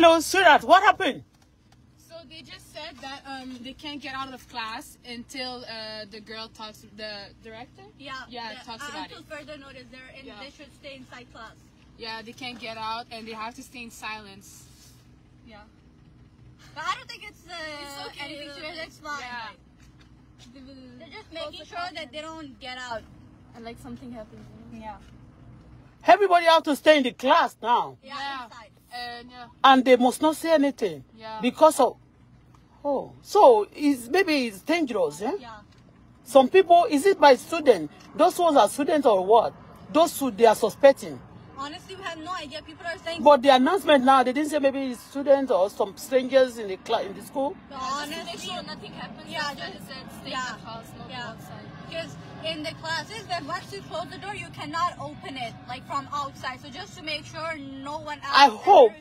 Hello, sweetheart. What happened? So they just said that um, they can't get out of class until uh, the girl talks. The director? Yeah. Yeah, the, talks uh, about until it. Until further notice, they're in, yeah. they should stay inside class. Yeah, they can't get out and they have to stay in silence. Yeah. But I don't think it's, uh, it's okay. anything serious. It's fine. Yeah. They're just making sure that they don't get out. And like something happens. Yeah. Everybody have to stay in the class now. Yeah, yeah. And, yeah. and they must not say anything yeah. because of oh so is maybe it's dangerous eh? yeah some people is it by student those ones are students or what those who they are suspecting honestly we have no idea people are saying but the announcement now they didn't say maybe students or some strangers in the class in the school no, honestly sure nothing happens yeah just, said stay yeah, in the house not yeah. outside because in the classes that once you close the door, you cannot open it like from outside. So just to make sure no one else. I hope,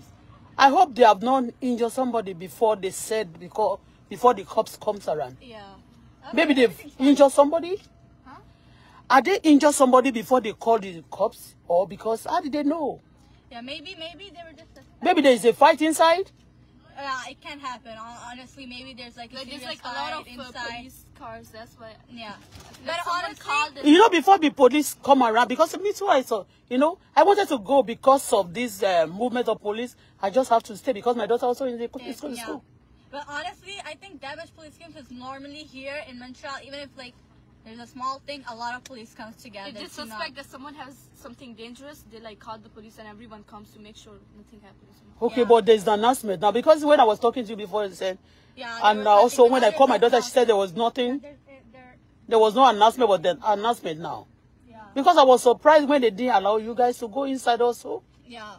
I hope they have not injured somebody before they said because before the cops comes around. Yeah. Okay, Maybe they've injured somebody. Huh? Are they injured somebody before they called the cops, or because how did they know? Yeah, maybe, maybe they were just. maybe there is a fight inside. Uh, it can happen. Honestly, maybe there's like a there's like a lot of uh, inside. police cars. That's why. Yeah. But honestly, you know, before the police come around, because me too, I saw, you know, I wanted to go because of this uh, movement of police. I just have to stay because my daughter also in the school. Yeah. But honestly, I think much police schemes is normally here in Montreal, even if like there's a small thing, a lot of police comes together. If they suspect that someone has something dangerous, they like call the police and everyone comes to make sure nothing happens. Okay, yeah. but there's the announcement now because when I was talking to you before, you said, yeah, and uh, also when I called my daughter, she said there was nothing. There, was no announcement, but the announcement now. Yeah. Because I was surprised when they didn't allow you guys to go inside also. Yeah.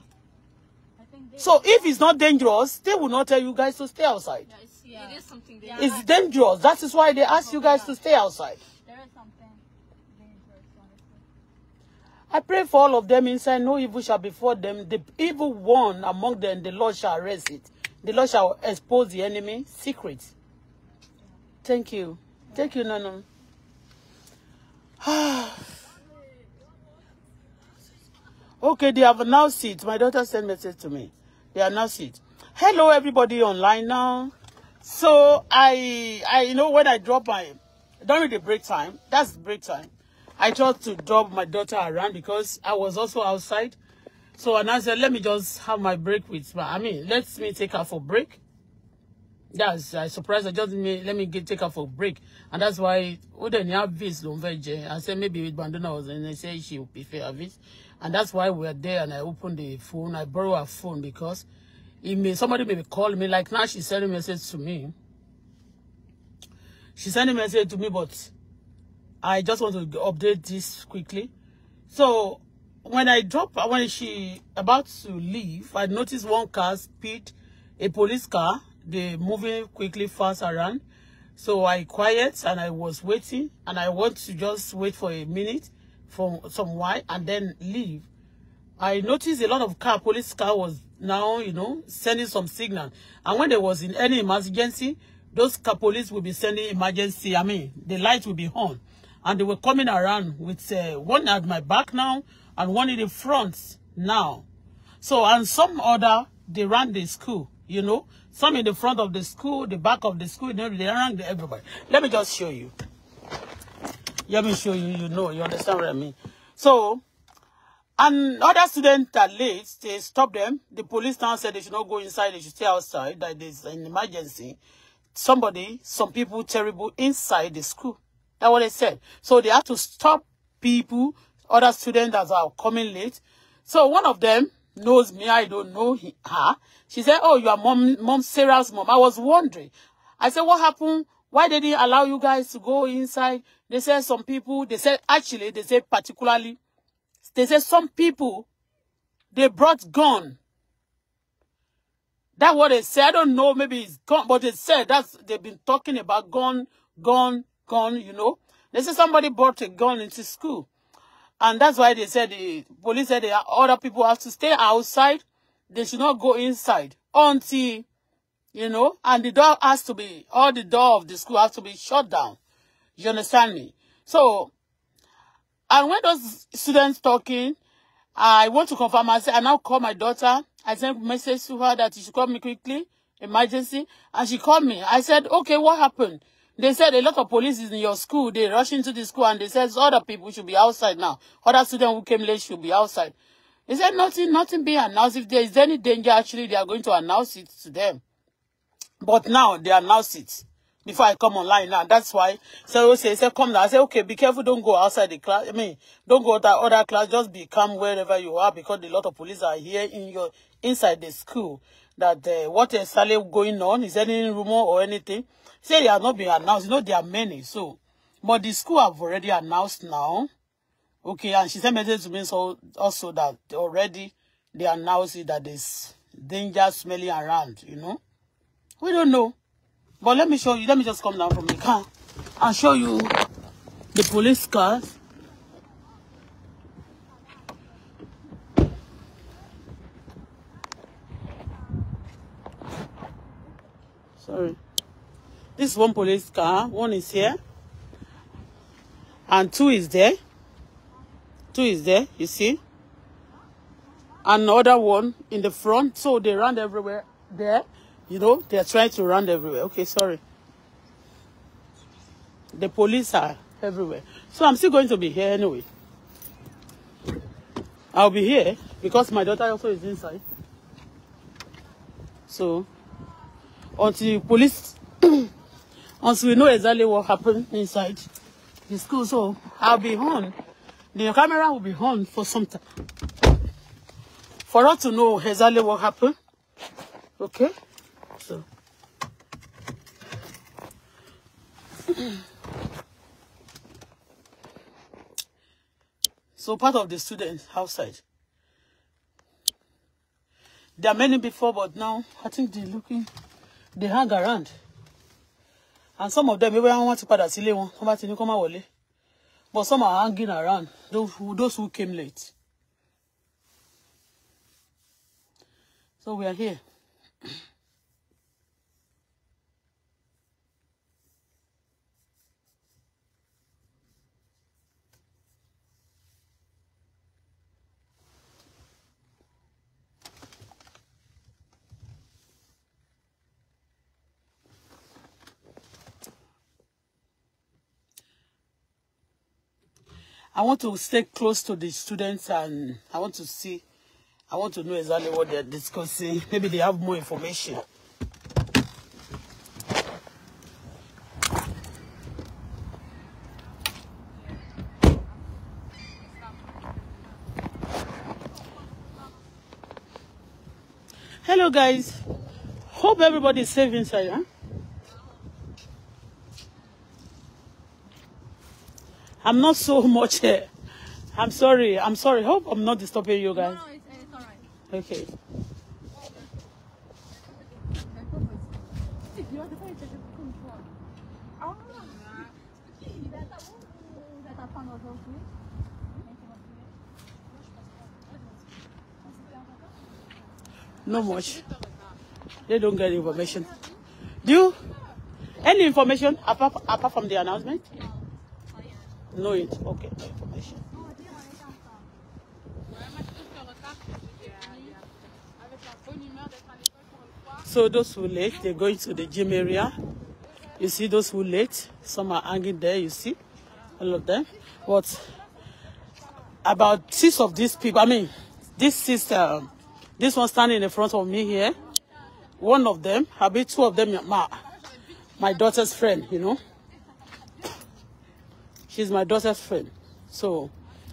So if it's not dangerous, they will not tell you guys to stay outside. Yeah, it's, yeah. It is something dangerous. It's dangerous. That is why they ask you guys to stay outside. I pray for all of them inside, no evil shall befall them. The evil one among them, the Lord shall arrest it. The Lord shall expose the enemy secret. Thank you. Thank you, Nanu. okay, they have announced it. My daughter sent message to me. They announced it. Hello, everybody online now. So I, I, you know, when I drop my, during the break time, that's break time. I tried to drop my daughter around because I was also outside. So and I said, let me just have my break with, but I mean, let me take her for break. That's I surprised. I just me, let me get, take her for break, and that's why then have this? Avis Lumveje. I said maybe with Bandana was, and I said she would prefer Avis, and that's why we we're there. And I opened the phone. I borrow her phone because it may somebody may call me. Like now, she sending a message to me. She sending a message to me, but I just want to update this quickly. So when I drop, when she about to leave, I noticed one car speed, a police car. They moving quickly fast around. So I quiet and I was waiting and I want to just wait for a minute for some while and then leave. I noticed a lot of car, police car was now, you know, sending some signal. And when there was in any emergency, those car police will be sending emergency, I mean, the light will be on. and they were coming around with uh, one at my back now and one in the front now. So, and some other, they ran the school, you know. Some in the front of the school, the back of the school, they ran the, everybody. Let me just show you. Let me show you, you know, you understand what I mean. So, and other students that late, they stopped them. The police now said they should not go inside, they should stay outside, that there's an emergency. Somebody, some people terrible inside the school. That's what they said. So they had to stop people, other students that are coming late. So one of them knows me. I don't know he, her. She said, oh, you are mom, mom Sarah's mom. I was wondering. I said, what happened? Why did not allow you guys to go inside? They said some people, they said, actually, they said particularly, they said some people, they brought gun. That's what they said. I don't know, maybe it's gun, but they said that's, they've been talking about gun, gun, gun, you know. They say somebody brought a gun into school. And that's why they said the police said the other people have to stay outside. They should not go inside until, you know, and the door has to be, all the door of the school has to be shut down. You understand me? So, and when those students talking, I want to confirm, I, say, I now call my daughter. I sent message to her that she should call me quickly, emergency. And she called me. I said, okay, what happened? They said a lot of police is in your school. They rush into the school and they said other people should be outside now. Other students who came late should be outside. They said nothing, nothing being announced. If there is any danger, actually, they are going to announce it to them. But now they announce it before I come online now. That's why so say, say come now. I said, okay, be careful, don't go outside the class. I mean, don't go to other class, just be calm wherever you are because a lot of police are here in your inside the school. That uh, what is going on? Is there any rumor or anything? Say they have not been announced. You know, there are many. So, but the school have already announced now. Okay, and she sent message to me so, also that already they announced it that there's danger smelling around, you know. We don't know. But let me show you. Let me just come down from the car and show you the police cars. Sorry. This one police car, one is here, and two is there. Two is there, you see. Another one in the front, so they run everywhere there. You know, they are trying to run everywhere. Okay, sorry. The police are everywhere. So I'm still going to be here anyway. I'll be here because my daughter also is inside. So, until police Once we know exactly what happened inside the school, so I'll be on. The camera will be on for some time. For us to know exactly what happened. Okay? So. so part of the students outside. There are many before, but now I think they're looking, they hang around. and some of them ewé wọn ti padà sílé wọn wọn bá ti ní kó má wọlé but some are hanging around those those who came late so we are here. I want to stay close to the students and I want to see, I want to know exactly what they're discussing. Maybe they have more information. Hello guys, hope everybody is safe inside, huh? I'm not so much here. I'm sorry. I'm sorry. Hope I'm not disturbing you guys. No, no, it's, it's all right. Okay. No much. They don't get information. Do you? Any information apart, apart from the announcement? know it. Okay, no information. So those who late, they're going to the gym area. You see those who late, some are hanging there, you see, all of them. But about six of these people, I mean, this sister, this one standing in front of me here, one of them, I be two of them, my, my daughter's friend, you know. She's my daughter's friend. So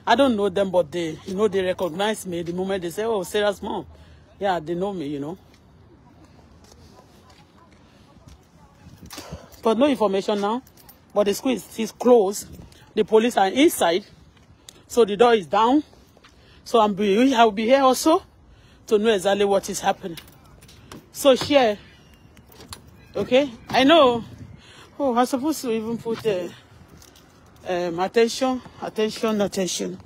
I don't know them, but they, you know, they recognize me the moment they say, oh, Sarah's mom. Yeah, they know me, you know. But no information now. But the school is, is closed. The police are inside. So the door is down. So I'm be, I'll be here also to know exactly what is happening. So share. Okay? I know. Oh, I'm supposed to even put... Uh, um, attention, attention, attention.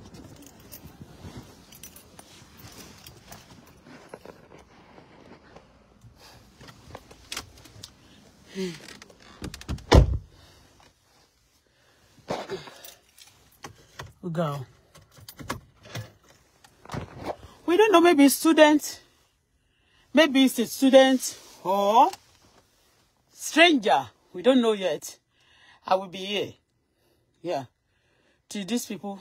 We go. We don't know, maybe student, maybe it's a student or stranger. We don't know yet. I will be here. Yeah. To these people.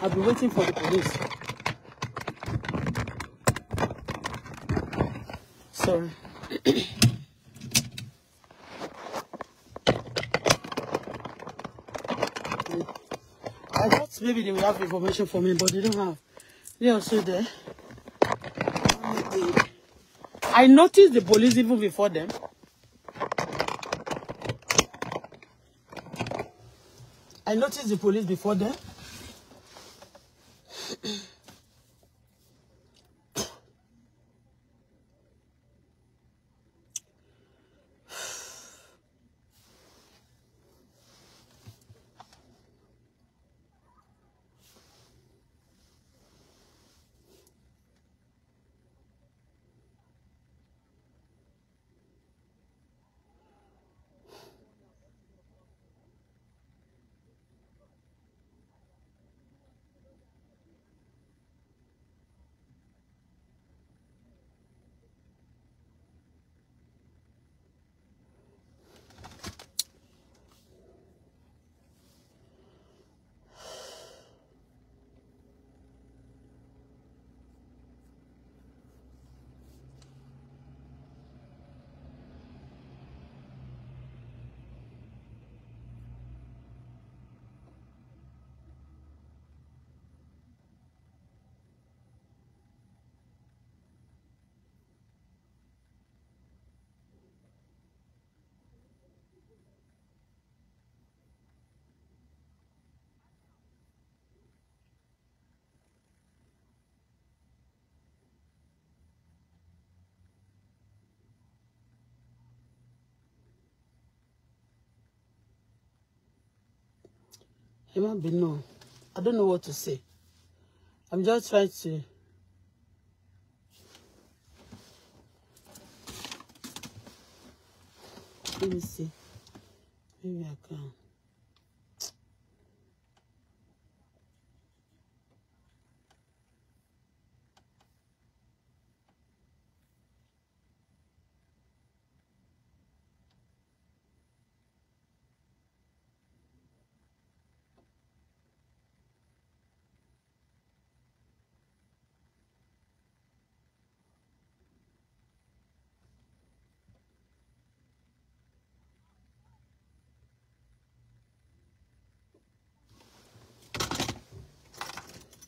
I've been waiting for the police. Sorry. I thought maybe they would have information for me, but they don't have. They're also there. I noticed the police even before them. I noticed the police before them. It might be no. I don't know what to say. I'm just trying to. Let me see. Maybe I can.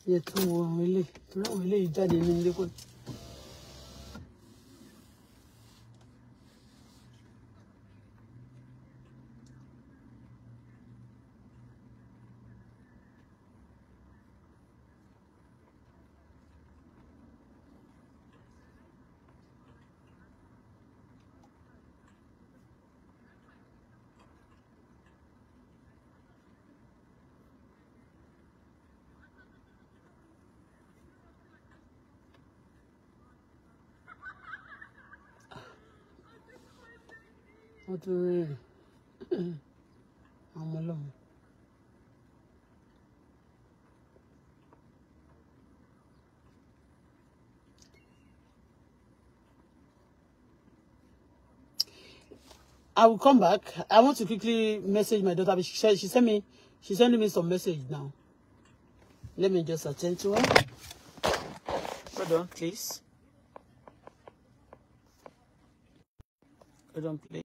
也徒我无为，徒劳无为，一代人民的鬼。wọ́n tún rẹ́rìn àwọn ọlọ́run. I will come back. I want to quickly message my daughter. She, she sent me, she's sending me some message now. Let me just attend to her. Hold on, please. Hold on, please.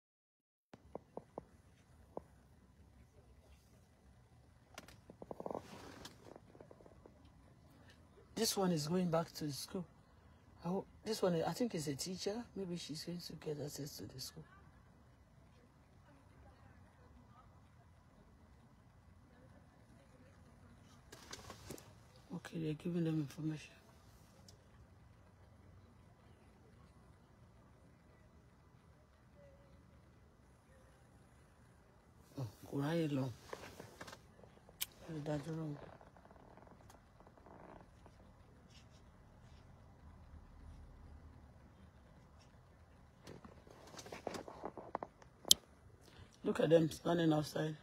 This one is going back to school. Oh, this one, I think, is a teacher. Maybe she's going to get access to the school. Okay, they're giving them information. Oh, right alone? That's wrong. Look at them standing outside.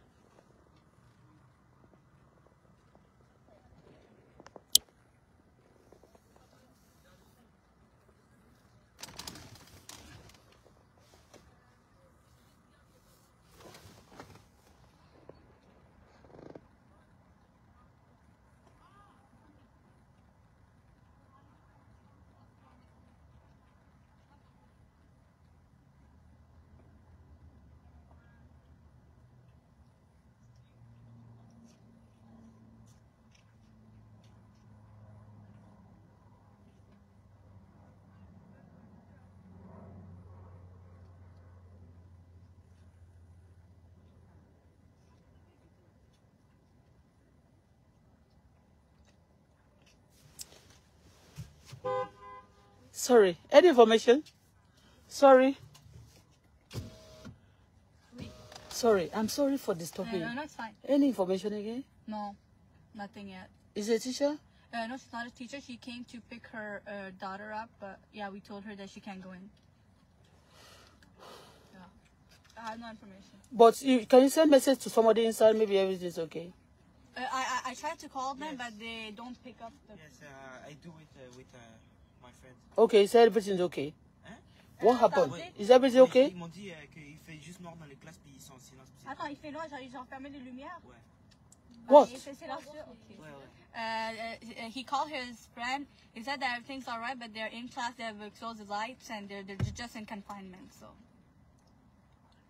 Sorry. Any information? Sorry. Sorry. I'm sorry for disturbing. No, no, no, it's fine. Any information again? No, nothing yet. Is it a teacher? Uh, no, she's not a teacher. She came to pick her uh, daughter up, but yeah, we told her that she can't go in. Yeah. I have no information. But you, can you send message to somebody inside? Maybe everything's okay. Uh, I, I, I tried to call them, yes. but they don't pick up. The... Yes, uh, I do it with uh, uh, my friend. Ok, il everything everything's ok. Hein? What happened? Is everything ok? Ils m'ont dit euh, qu'il fait juste noir dans les classes puis ils sont en silence. Attends, il fait noir, genre ils ont fermé les lumières? Ouais. What? Euh, euh, he called his friend. He said that everything's all right, but they're in class. They have closed the lights and they're, they're just in confinement. So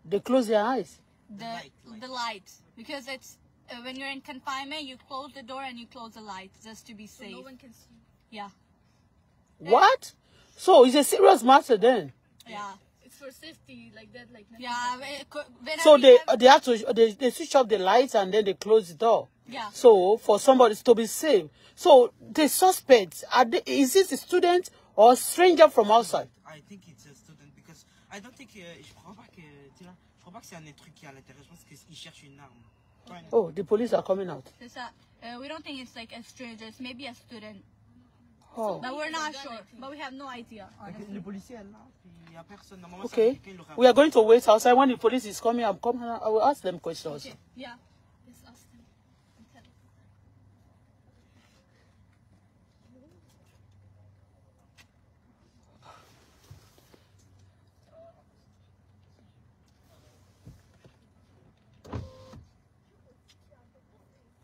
they close their eyes. The the, light, the lights because it's uh, when you're in confinement, you close the door and you close the lights just to be safe. So no one can see. Yeah. Eh. What? So it's a serious matter then. Yeah. It's for safety, like that, like. Yeah. When so they have... they have to they, they switch off the lights and then they close the door. Yeah. So for somebody to be safe. So the suspects are they, is this a student or a stranger from outside? I think it's a student because I don't think uh, je crois pas que tu vois, je crois pas que c'est un truc qui est à l'intérieur. parce pense qu'ils cherchent une arme. Oh, the police are coming out. Uh, we don't think it's like a stranger. It's maybe a student. Oh. But we're not sure. But we have no idea. Honestly. Okay. We are going to wait outside. When the police is coming, I'll come I will ask them questions. Okay. Yeah. Let's ask them.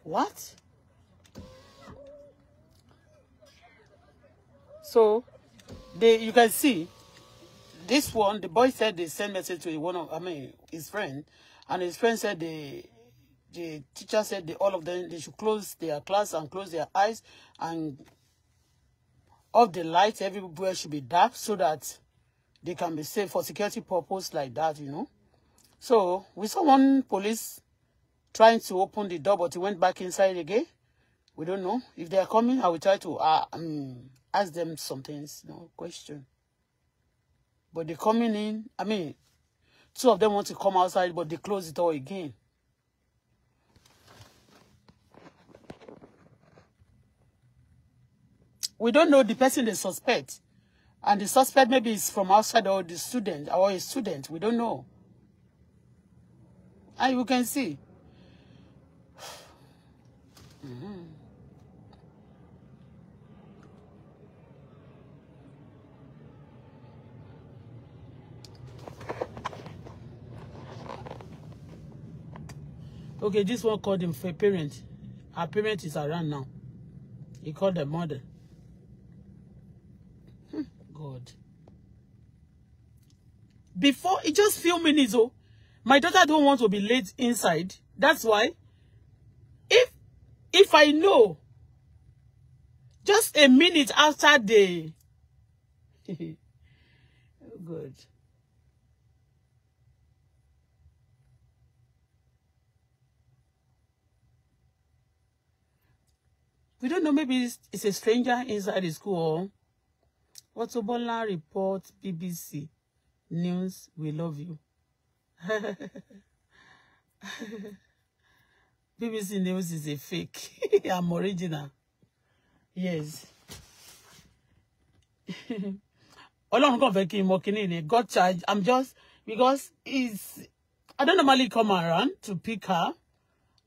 What? So they, you can see this one, the boy said they sent message to one of, I mean, his friend, and his friend said the the teacher said they, all of them they should close their class and close their eyes and off the lights. Everywhere should be dark so that they can be safe for security purpose like that, you know. So we saw one police trying to open the door, but he went back inside again. We don't know if they are coming. I will try to uh, um, ask them some things, you know, question. But they're coming in. I mean, two of them want to come outside, but they close the door again. We don't know the person they suspect. And the suspect maybe is from outside or the student or a student. We don't know. And you can see. mm -hmm. Okay, this one called him for parent. Her parent is around now. He called the mother. Hmm, God. Before, it just few minutes, oh. My daughter don't want to be late inside. That's why. If, if I know, just a minute after the... Good. Oh, We don't know, maybe it's, it's a stranger inside the school What's Auto-Bola report BBC News, we love you. BBC News is a fake. I'm original. Yes. Ọlọ́run kàn fẹ́ kí n mọ kinní ni God charge I'm just because it's I don't normally come around to pick her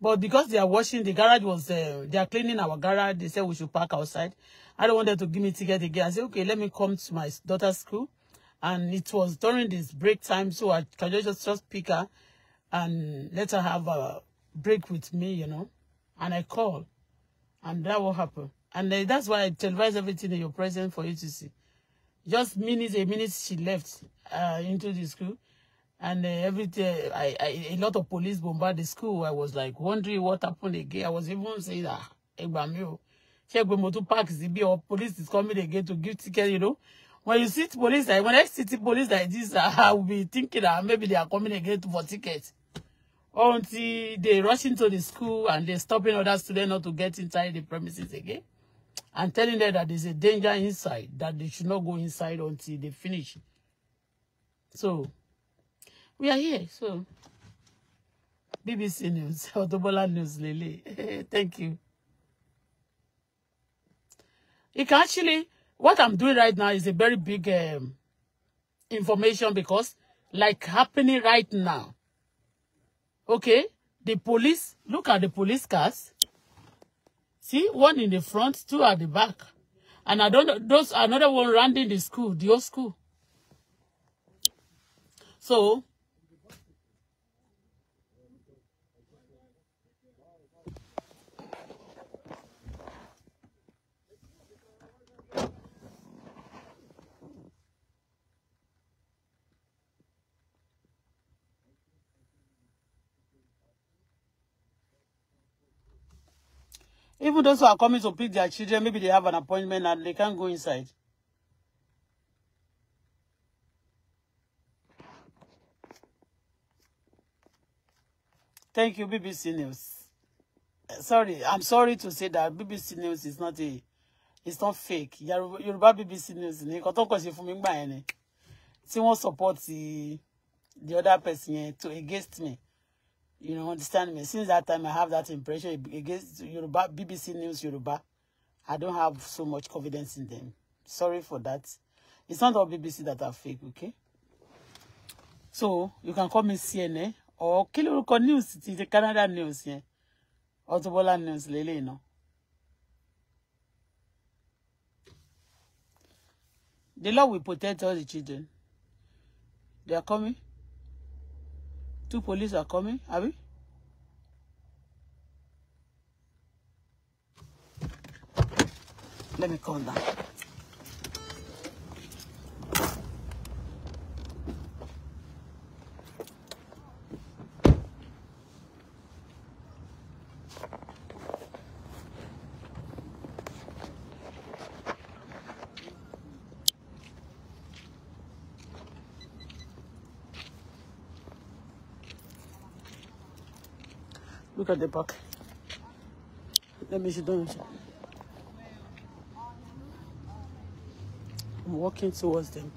But because they are washing, the garage was, uh, they are cleaning our garage. They said we should park outside. I don't want them to give me ticket again. I said, okay, let me come to my daughter's school. And it was during this break time, so I can just, just pick her and let her have a break with me, you know. And I call, and that will happen. And uh, that's why I televise everything in your presence for you to see. Just minutes, a minute she left uh, into the school. and uh, every day I, I a lot of police bombarded the school i was like wondering what happened again i was even saying that ah, ẹ gbà mí o ṣé pé park síbí or police is coming again to give ticket you know when you see police like when i see police like this uh, i will be thinking that maybe they are coming again for ticket until they rush into the school and they stopping other students not to get inside the premises again and telling them that there's a danger inside that they should not go inside until they finish so we are here so BBC News Auto News Lily. thank you it can actually what I'm doing right now is a very big um, information because like happening right now okay the police look at the police cars see one in the front two at the back and I don't those another one running the school the old school so Even those who are coming to pick their children, maybe they have an appointment and they can't go inside. Thank you, BBC News. Eh, sorry, I'm sorry to say that BBC News is not a, it's not fake. Yoruba BBC News ni nǹkan tó kàn ṣe fún mi nígbà yẹn ni. support the other person to against me. You know, understand me? Since that time, I have that impression against Yoruba, BBC News Yoruba. I don't have so much confidence in them. Sorry for that. It's not all BBC that are fake, okay? So, you can call me CNN or kí lorúkọ news the Canada news yẹn. or Bola news lélẹ́yìí náà. The Lord will protect all the children. They are coming two police are coming abi. let me call that. Look at the back. Let me sit down. I'm walking towards them.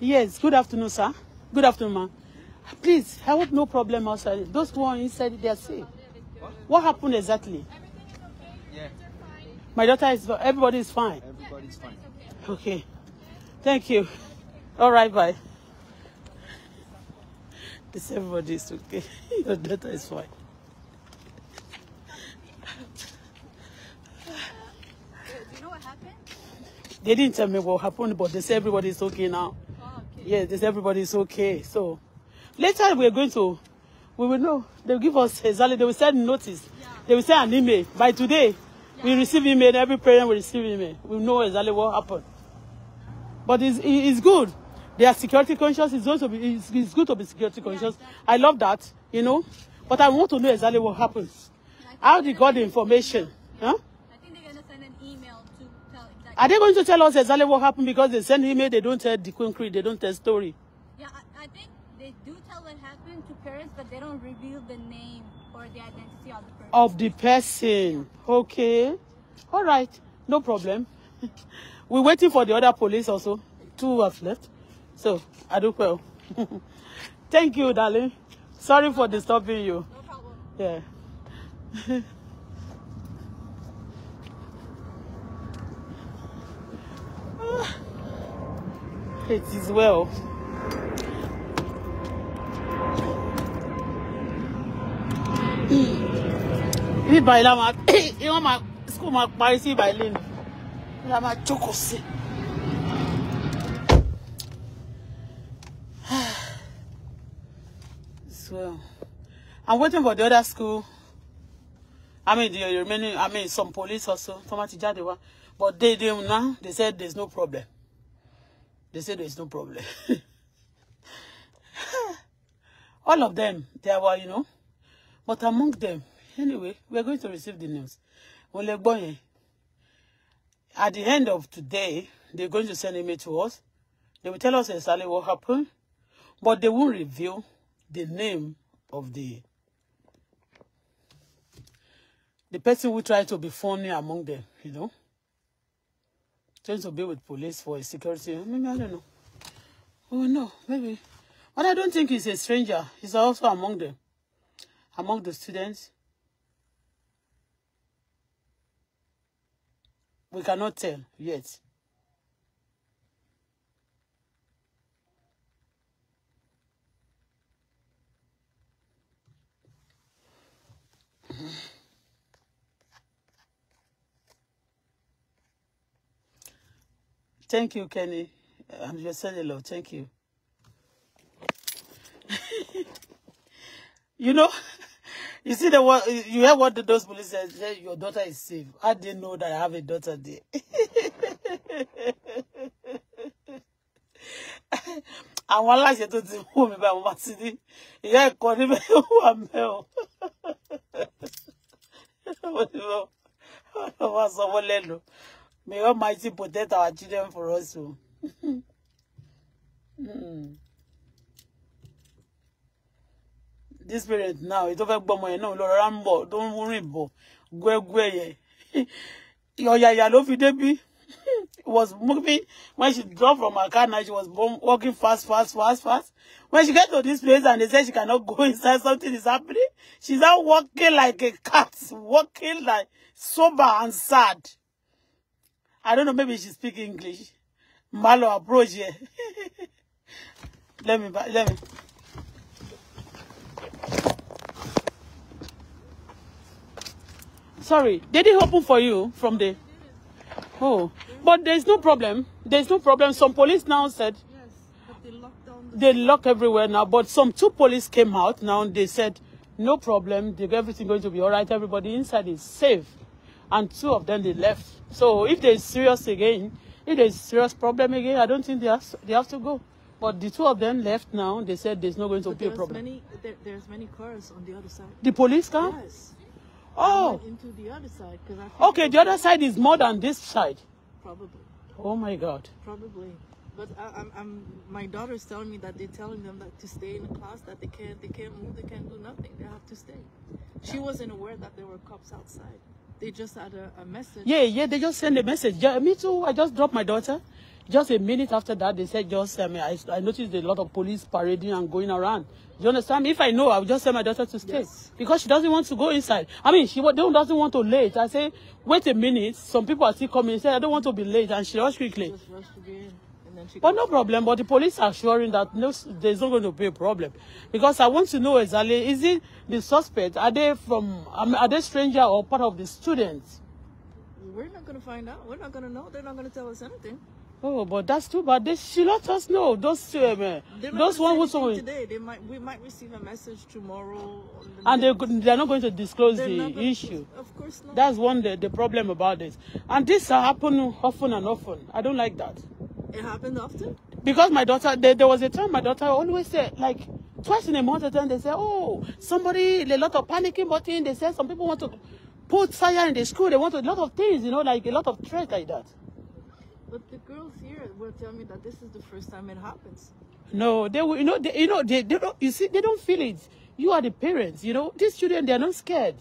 Yes, good afternoon, sir. Good afternoon, ma'am. Please, I hope no problem outside. Those are inside, they are safe. What happened exactly? Yeah. My daughter is, everybody is fine. Everybody's fine. Okay. Thank you. All right, bye. This everybody is okay. Your daughter is fine. You know what happened? They didn't tell me what happened, but they said everybody is okay now. Oh, okay. Yeah, they say everybody is okay. So later we are going to, we will know. They'll give us exactly, they will send notice they will send an email. By today, we receive email. Every parent will receive email. We know exactly what happened. But it's, it's good. They are security conscious. It's, also it's, it's good to be security conscious. I love that, you know. But I want to know exactly what happens. How they got the information. Huh? Are they going to tell us exactly what happened because they send email, they don't tell the concrete, they don't tell story? Yeah, I, I, think they do tell what happened to parents, but they don't reveal the name or the identity of the of the person. Okay. All right. No problem. We're waiting for the other police also. Two have left. So, I do well. Thank you, darling. Sorry for disturbing you. No problem. Yeah. it is well. Mm. ibi báyìí la máa wọ́n máa school máa parí sí ìbàyìí lẹ́nu la máa jókòó sí. So I'm waiting for the other school. I mean, the remaining, I mean, some police also, tó máa But they, they now, they said there's no problem. They said there's no problem. All of them, they were, you know. But among them, Anyway, we're going to receive the news. At the end of today, they're going to send a mail to us. They will tell us exactly what happened, but they won't reveal the name of the the person who tried to be funny among them, you know. Trying to be with police for security. Maybe I don't know. Oh no, maybe. But I don't think he's a stranger. He's also among them. Among the students. We cannot tell yet. Thank you, Kenny. I'm um, your son-in-law. Thank you. you know, You see the what you hear what the those police said, said your daughter is safe. I didn't know that I have a daughter there. àwọn aláṣẹ tó ti wù mí bá wọn ti ní ìyá ẹ̀kọ́ níbẹ̀ wà mẹ́ o ọlọ́wọ́ sanwó lẹ́nu may Almighty protect our children for us o. Oh. mm. this parent now it's over. fẹ́ gbọ́ ọmọ yẹn náà lọ rárá ń bọ̀ tó ń rìn bọ̀ gbẹ́gbẹ́ yẹn was moving when she dropped from her car now she was walking fast fast fast fast when she get to this place and they said she cannot go inside something is happening she's now walking like a cat walking like sober and sad I don't know maybe she speak English malo approach here let me let me Sorry, did it open for you from the... Oh, but there's no problem. There's no problem. Some police now said... Yes, but they locked down... They lock everywhere now, but some two police came out now and they said, no problem, everything going to be all right, everybody inside is safe. And two of them, they left. So if there's serious again, if there's serious problem again, I don't think they have, they have to go. But the two of them left now. They said there's not going to but be a problem. Many, there, there's many cars on the other side. The police car? Yes. Oh. into the other side. okay, the other side is more than this side. Probably. Oh my God. Probably. But I, am I'm, I'm, my daughter's telling me that they're telling them that to stay in the class, that they can't, they can't move, they can't do nothing. They have to stay. She wasn't aware that there were cops outside. They just had a, a message. Yeah, yeah, they just sent a message. Yeah, me too. I just dropped my daughter. Just a minute after that, they said, just, um, I, I noticed a lot of police parading and going around. Do you understand? If I know, I would just tell my daughter to stay yes. because she doesn't want to go inside. I mean, she doesn't want to late. I say, wait a minute. Some people are still coming. She said, I don't want to be late, and she rushed quickly. Just rushed But no problem. But the police are assuring that no, there's not going to be a problem, because I want to know exactly: is it the suspect? Are they from? Um, are they stranger or part of the students? We're not going to find out. We're not going to know. They're not going to tell us anything. Oh, but that's too bad. They, she let us know. Those um, uh, those one who's on today. They might we might receive a message tomorrow. The and they they're not going to disclose they're the issue. of course not. That's one the, the problem about this. And this happens often and often. I don't like that. It happened often. Because my daughter, there was a time my daughter always said like twice in a month. Then they say, oh, somebody a lot of panicking, but in they said some people want to put fire in the school. They want a lot of things, you know, like a lot of threats like that. But the will tell me that this is the first time it happens. No, they will, you know, they, you know, they, they don't, you see, they don't feel it. You are the parents, you know. These children, they are not scared.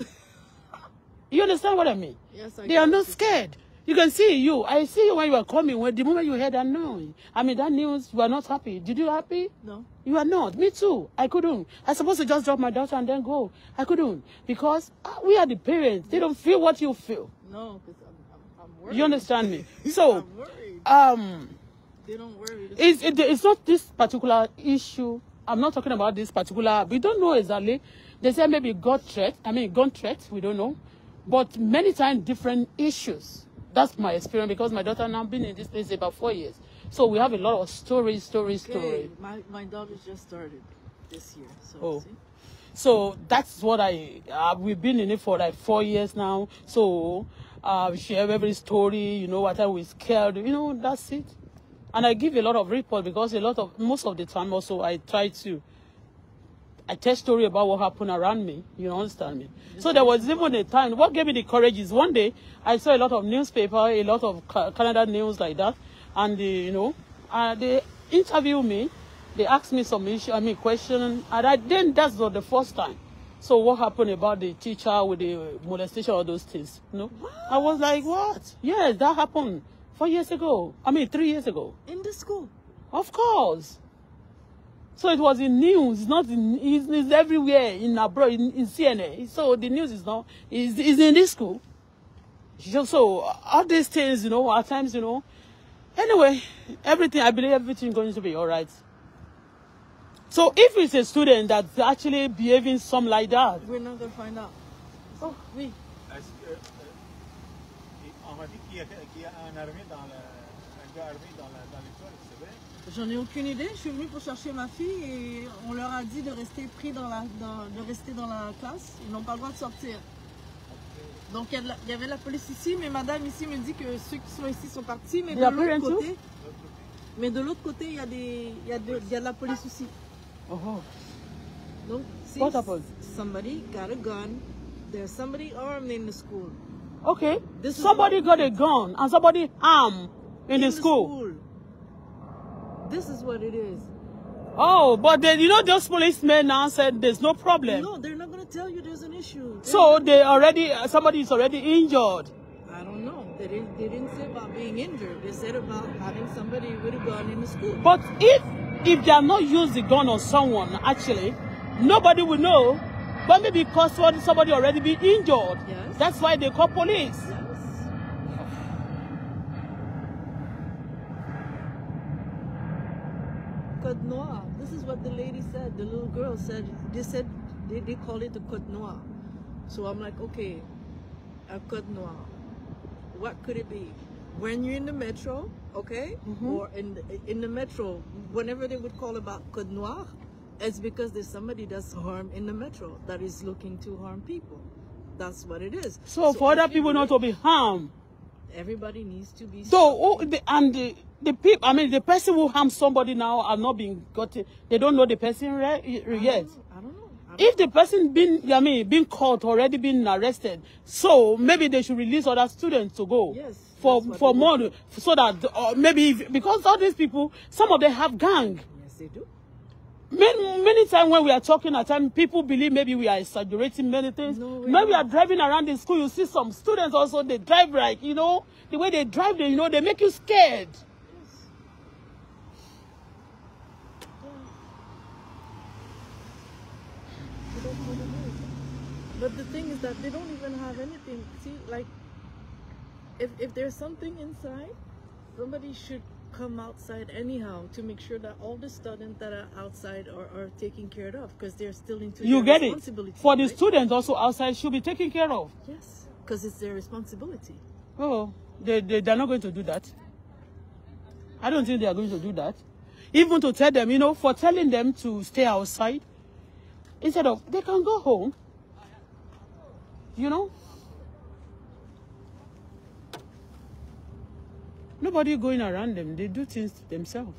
you understand what I mean? Yes, I They are not scared. You can see you. I see you when you are coming. When the moment you heard that noise, I mean that news, you are not happy. Did you happy? No. You are not. Me too. I couldn't. I supposed to just drop my daughter and then go. I couldn't because uh, we are the parents. They don't feel what you feel. No, because I'm, I'm, I'm worried. You understand me? So um, they don't worry. It's, it, it's not this particular issue. I'm not talking about this particular. We don't know exactly. They say maybe God threat. I mean, gun threat. We don't know. But many times different issues. That's my experience because my daughter now been in this place about four years. So we have a lot of story, story, okay. story. My, my daughter just started this year. So oh. See? So that's what I, uh, we've been in it for like four years now. So uh, share every story, you know, what we scared, you know, that's it. And I give a lot of report because a lot of, most of the time also I try to, I tell story about what happened around me, you understand me? So there was even a time, what gave me the courage is one day I saw a lot of newspaper, a lot of Canada news like that, and they, you know, uh, they interviewed me, they asked me some issue, I mean question, and I didn't, that's not the first time. So what happened about the teacher with the molestation, all those things? You no, know? I was like, what? Yes, that happened four years ago. I mean, three years ago. In the school? Of course. So it was in news, not in, it's, it's everywhere in abroad, in, in CNN. So the news is not, is is in this school. so all these things, you know, at times, you know. Anyway, everything, I believe everything going to be all right. So if it's a student that's actually behaving some like that, we're not going find out. Oh, oui. Euh, on m'a dit qu'il y, a un armé dans J'en ai aucune idée. Je suis venue pour chercher ma fille et on leur a dit de rester pris dans la, dans, de rester dans la classe. Ils n'ont pas le droit de sortir. Donc il y, avait la police ici, mais madame ici me dit que ceux qui sont ici sont partis, mais de l'autre côté, mais de l'autre côté, il y, a des, y, y a de la police aussi. Oh. No. see, what happened? Somebody got a gun. There's somebody armed in the school. Okay. This somebody got a gun and somebody armed in, in the, the school. school. This is what it is. Oh, but then you know those policemen now said there's no problem. No, they're not going to tell you there's an issue. They're so they already uh, somebody is already injured. I don't know. They didn't, they didn't say about being injured. They said about having somebody with a gun in the school. But if if they have not used the gun on someone, actually, nobody will know. But maybe because somebody already be injured. Yes. That's why they call police. Yes. Code Noir. This is what the lady said. The little girl said. They said they, they call it the Cote Noir. So I'm like, okay, a Cote Noir. What could it be? When you're in the metro, okay, mm-hmm. or in in the metro, whenever they would call about Code Noir, it's because there's somebody that's harm in the metro that is looking to harm people. That's what it is. So, so for other people not to be harmed, everybody needs to be. So, oh, the, and the, the people, I mean, the person who harms somebody now are not being got. They don't know the person right yet. I don't know. I don't if the person been, I mean, been caught already, been arrested, so maybe they should release other students to go. Yes, for for more so that uh, maybe if, because all these people some of them have gang yes they do Many, many times when we are talking at time, people believe maybe we are exaggerating many things. No, when we are driving around the school, you see some students also, they drive like, you know, the way they drive, they, you know, they make you scared. Yes. But the thing is that they don't even have anything. See, like, if, if there's something inside, somebody should come outside anyhow to make sure that all the students that are outside are, are taken care of because they're still into you get it for right? the students also outside should be taken care of yes because it's their responsibility oh they, they they're not going to do that i don't think they are going to do that even to tell them you know for telling them to stay outside instead of they can go home you know Nobody going around them. They do things to themselves.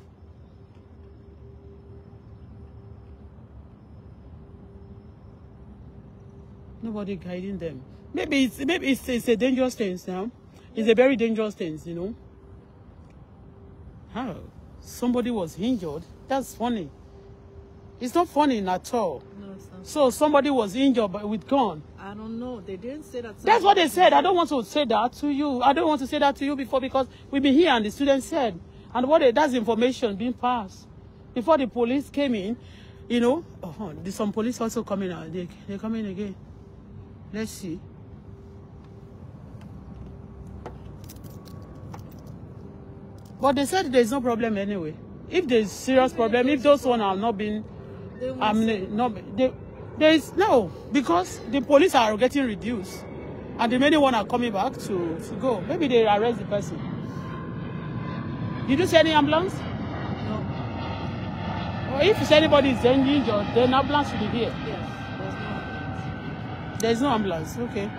Nobody guiding them. Maybe it's maybe it's, it's a dangerous thing now. It's a very dangerous thing, you know. How? Somebody was injured. That's funny. It's not funny at all. No, so somebody was injured but with gun. I don't know. They didn't say that. That's what they said. I don't want to say that to you. I don't want to say that to you before because we've been here and the students said. And what they, that's information being passed. Before the police came in, you know, oh, oh there's some police also coming out. They, they're coming again. Let's see. But they said there's no problem anyway. If there's serious Even problem, if those one are not being, I'm not, they, There is no because the police are getting reduced, and the many one are coming back to to go. Maybe they arrest the person. Did you see any ambulance? No. Well, if anybody is injured, then ambulance should be here. Yes. There's no ambulance. Okay.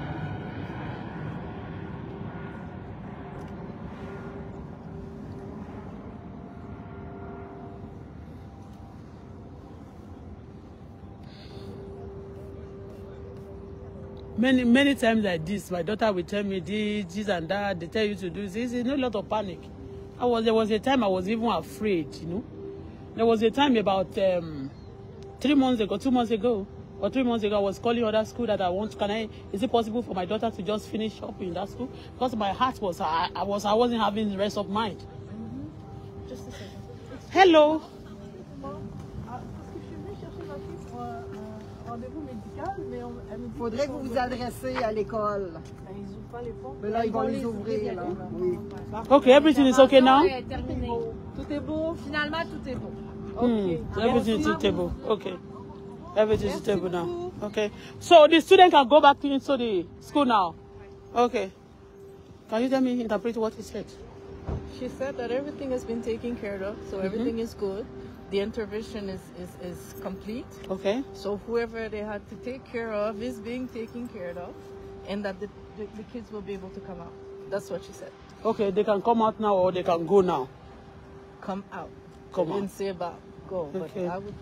many many times like this my daughter will tell me this this and that they tell you to do this you know a lot of panic i was there was a time i was even afraid you know there was a time about um three months ago two months ago or three months ago i was calling other school that i want can i is it possible for my daughter to just finish up in that school because my heart was i, I was i wasn't having the rest of mind mm -hmm. just a second hello rendez-vous médical, mais on, elle me dit Faudrait que vous vous adressez à l'école. Ben, ils ouvrent pas les portes. Mais là, ils, ils vont, vont les ouvrir, là. Oui. Ok, everything is okay now? Est Tout est beau. Finalement, tout est beau. Hmm, okay. everything is beau. Okay. Everything is beau now. Okay. So the student can go back to into the school now. Okay. Can you tell me interpret what he said? She said that everything has been taken care of, so mm -hmm. everything is good. the intervention is, is, is complete. Okay. So whoever they had to take care of is being taken care of and that the, the, the kids will be able to come out. That's what she said. Okay, they can come out now or they can go now? Come out. Come out. didn't say about go, but okay. I would...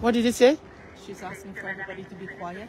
What did she say? She's asking for everybody to be quiet.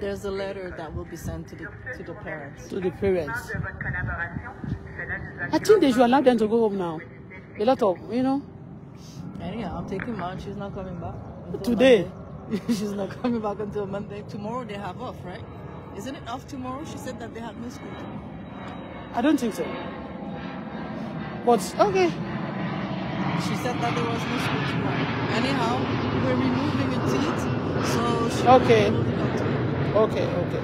There's a letter that will be sent to the, to the parents. To the parents. I think they should allow them to go home now. A lot of, you know. And I'm taking mom. She's not coming back. Today. She's not coming back until Monday. Tomorrow they have off, right? Isn't it off tomorrow? She said that they have no school. I don't think so. But, okay. She said that there was no school tomorrow. Anyhow, we are removing a teeth, so she okay. Okay, okay.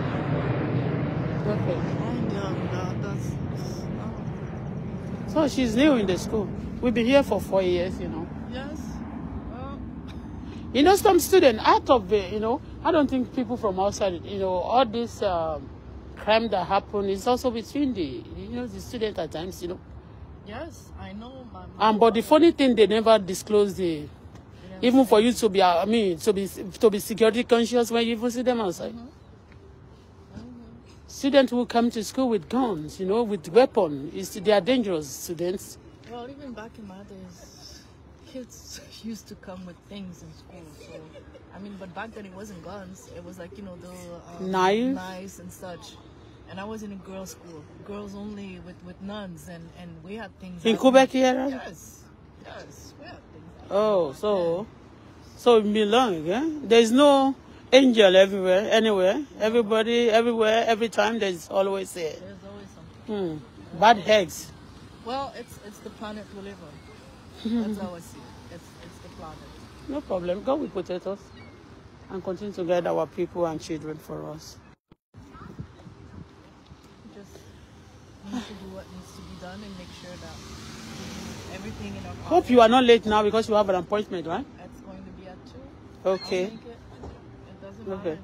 Oh, so she's new in the school. We've been here for four years, you know. Yes. you know, some students, out of, you know, I don't think people from outside, you know, all this um, crime that happened is also between the, you know, the student at times, you know. Yes, I know, Um, but the funny thing, they never disclose the. Even for you to be, I mean, to be to be security conscious when you even see them outside. Mm -hmm. Students who come to school with guns, you know, with weapons, is they are dangerous students. Well, even back in my days, kids used to come with things in school. So, I mean, but back then it wasn't guns; it was like you know the um, knives, knives and such and I was in a girls' school, girls only with, with nuns, and, and we had things. In Quebec, here? had Yes, yes, we had things. oh, like so, that. so it long, yeah. There's no angel everywhere, anywhere, everybody, everywhere, every time. There's always a. There's always something. Hmm. Bad eggs. Well, it's it's the planet we live on. That's how I see it. It's it's the planet. No problem. Go with potatoes, and continue to guide our people and children for us. need to do what needs to be done and make sure that everything in our Hope you are not late now because you have an appointment, right? It's going to be at 2. Okay. It. it. doesn't matter okay. late.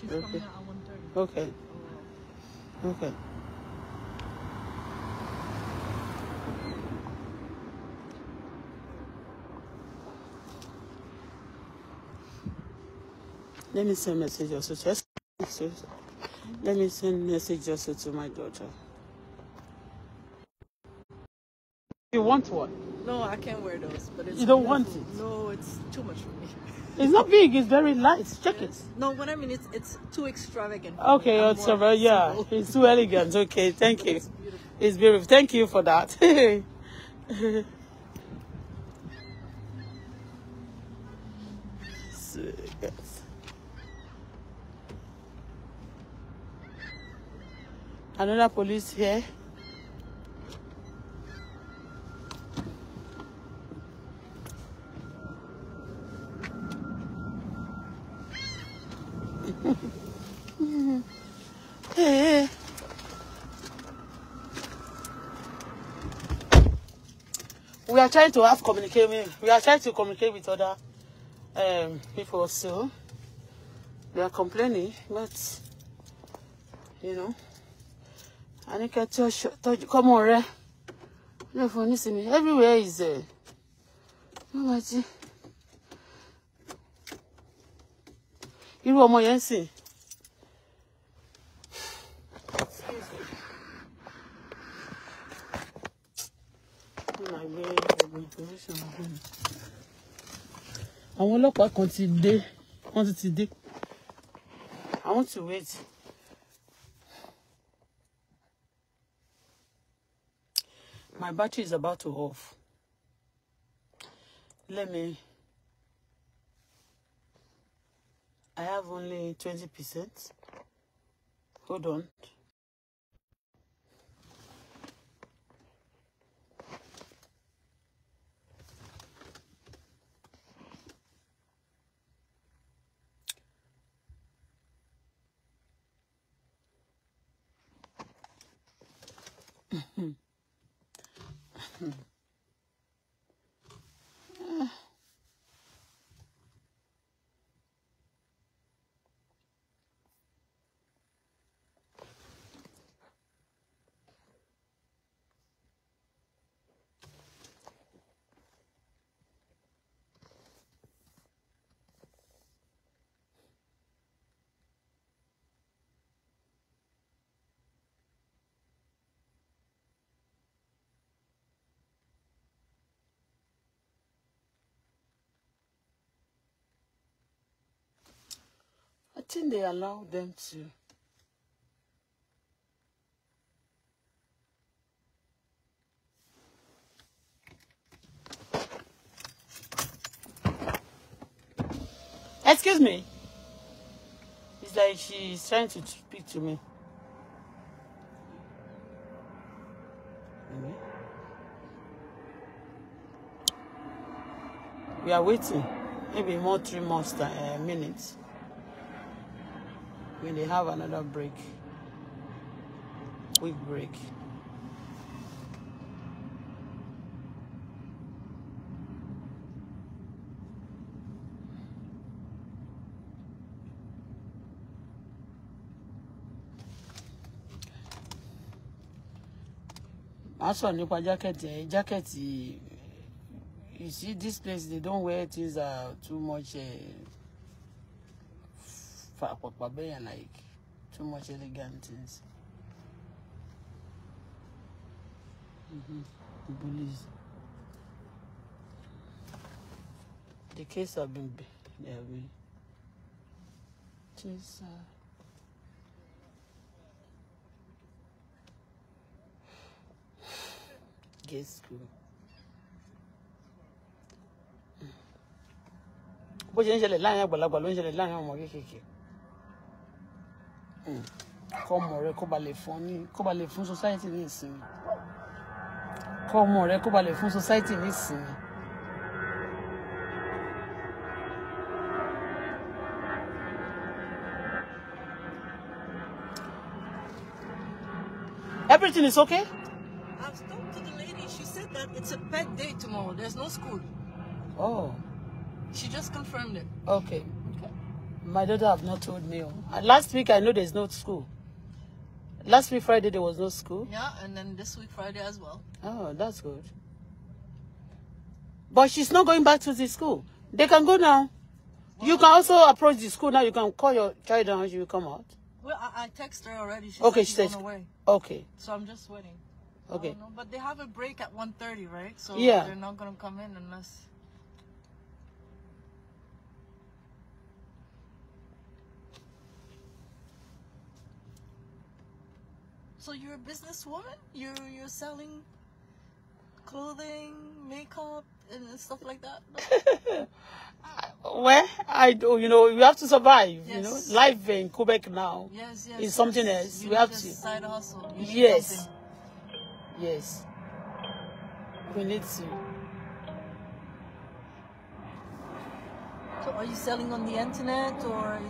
She's okay. coming at 1.30. Okay. Oh, Okay. Let me send a message also. Just, just. Let me send message also to my daughter. You want one? No, I can't wear those. But it's you don't want it? No, it's too much for me. It's not big. It's very light. Check yes. it. No, what I mean it's it's too extravagant. Okay, it's a yeah, simple. it's too elegant. Okay, thank you. It's beautiful. it's beautiful. Thank you for that. Another police here. We are trying to have communication. We are trying to communicate with other um, people, so they are complaining, but you know àníkẹ́ tọ́jú kọ́mọ rẹ lè fún nísìnyí everywhere is ẹ̀ ló máa jí. irú ọmọ yẹn sìn àwọn ọlọ́pàá kan ti dé wọ́n ti ti dé want to wait. My battery is about to off. Let me. I have only 20%. Hold on. think they allow them to. Excuse me. It's like she is trying to speak to me. We are waiting. Maybe more three months than uh, minutes. When they have another break quick break màá sọ̀rọ̀ nípa jákẹ́ẹ̀tì jacket. Eh, jákẹ́ẹ̀tì eh, you see this place they don't wear things uh, too much. Uh, for Apapa Bay and like too much elegant things. Mm-hmm. The bullies. The case have been there. have been just uh, gay school. bó ṣe ń ṣẹlẹ̀ láàrin àgbàlagbà ló ń ṣẹlẹ̀ láàrin ọmọ kéékèèké kọ ọmọ rẹ kó ba lè fún ní kó ba lè fún society ní ìsinmi kọ ọmọ rẹ kó lè fún society ní ìsinmi. Everything is okay? I've talked to the lady. She said that it's a bad day tomorrow. There's no school. Oh. She just confirmed it. Okay. My daughter have not told me. Oh. Last week, I know there's no school. Last week, Friday, there was no school. Yeah, and then this week, Friday as well. Oh, that's good. But she's not going back to the school. They can go now. Well, you can also approach the school now. You can call your child and she will come out. Well, I, I text her already. She okay, said she away. Okay. So I'm just waiting. Okay. Know, but they have a break at 1.30, right? So yeah. they're not going to come in unless... So you're a businesswoman. You're you're selling clothing, makeup, and stuff like that. well, I do. You know, you have to survive. Yes. You know, life in Quebec now yes, yes, is something else. You we have to. Side hustle. yes. Something. Yes. We need to. So are you selling on the internet or?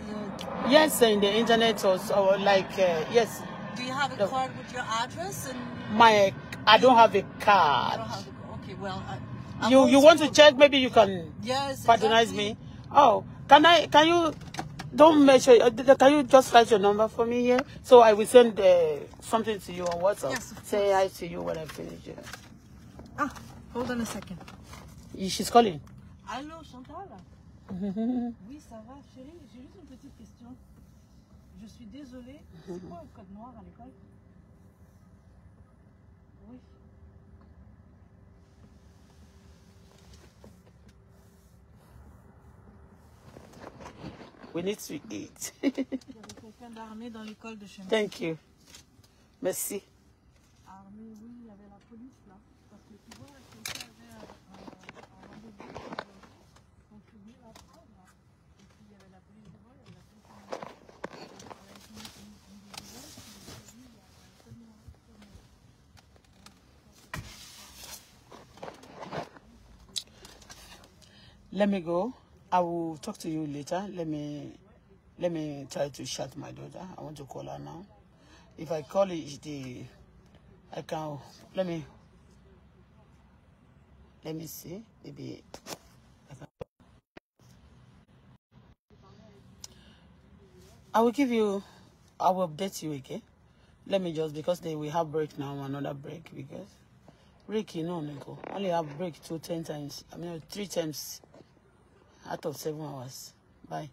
Yes, in the internet or, or like uh, yes, do you have a the, card with your address? And my, I don't have a card. Have a, okay, well. I, you you want to check? Maybe you can yes, patronize exactly. me. Oh, can I? Can you? Don't measure. Uh, can you just write your number for me here? So I will send uh, something to you on WhatsApp. Yes, Say hi to you when I finish. Yeah. Ah, hold on a second. She's calling. Hello, Chantal Oui, ça va, chérie. J'ai juste une petite question. je suis désolée. C'est quoi code noir à l'école We need to eat. Thank you. Merci. let me go. I will talk to you later. Let me let me try to shout my daughter. I want to call her now. If I call it the I can let me let me see. Maybe I will give you I will update you Okay. Let me just because they we have break now, another break because break you know Nico. Only have break two ten times. I mean three times out of seven hours bye.